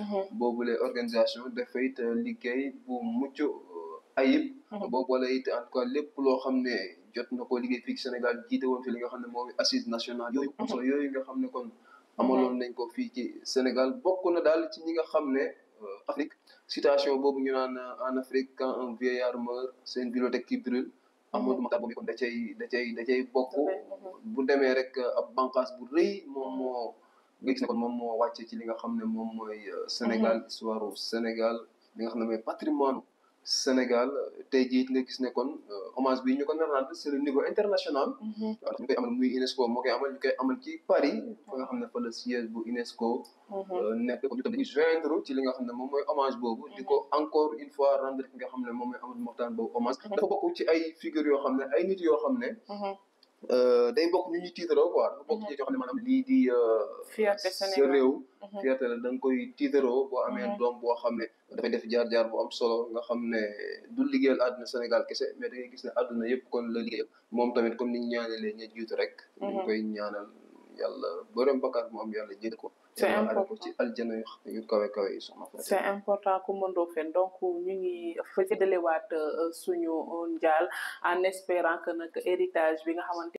Uh-huh. boobule organisation dafay it uh, liggéey bu mucc uh, ayib. boo uh-huh. boole it en tout cas lépp loo xam ne jot na ko liggéey fii Sénégal jiite woon fi li nga xam ne mooy assise nationale. yooyu conseil uh-huh. yooyu nga xam ne kon. amaloon nañ ko fii ci Sénégal bokk na daal ci ñi nga xam ne uh, Afrique citation boobu ñu naan en Afrique quand un vieillard meurt sen une bibliothèque qui brûle. Amadou Mahtar boobu kon da cay da cay da cay bokk. bu demee rek ab bànqaas bu rëy moom moo. nga gis ne moom moo wàcce ci nga xam ne moom mooy euh, Sénégal mhm. histoire Sénégal li nga xam ne mooy patrimoine Sénégal tey jii nga gis ne kon euh, hommage bi ñu ko nar a c'est le niveau international. Mhm. waaw ñu UNESCO moo koy amal ñu Paris. fa nga xam ne fa la siège bu UNESCO. Mhm. Euh, nekk ci li nga xam ne moom mooy hommage boobu. di encore une fois rendre nga xam ne moom mooy Amadou Mahtar boobu hommage. dafa bokk ci ay figures yoo xam ne ay nit yoo xam ne. Euh, day bokk ñu ñu tiitaroo quoi dafa bokk ci jox ne maanaam lii euh, mhm. da nga koy tiitaroo boo amee mhm. doom boo xam ne dafay def jaar-jaar bu am solo nga xam du liggéeyal àdduna Sénégal kese mais da ngay gis ne àdduna la liggéeyal moom tamit comme ni ñu ñaanalee ña jiitu rek ñu mhm. koy ñaanal yàlla borom bakkaar mu am yàlla jël ko c'est important ci aljana yu kawe kawe yi soxna c'est important ku mëndoo fen donc ñu ngi fa jëdalewaat euh, suñu njaal en espérant que nag héritage bi nga xamante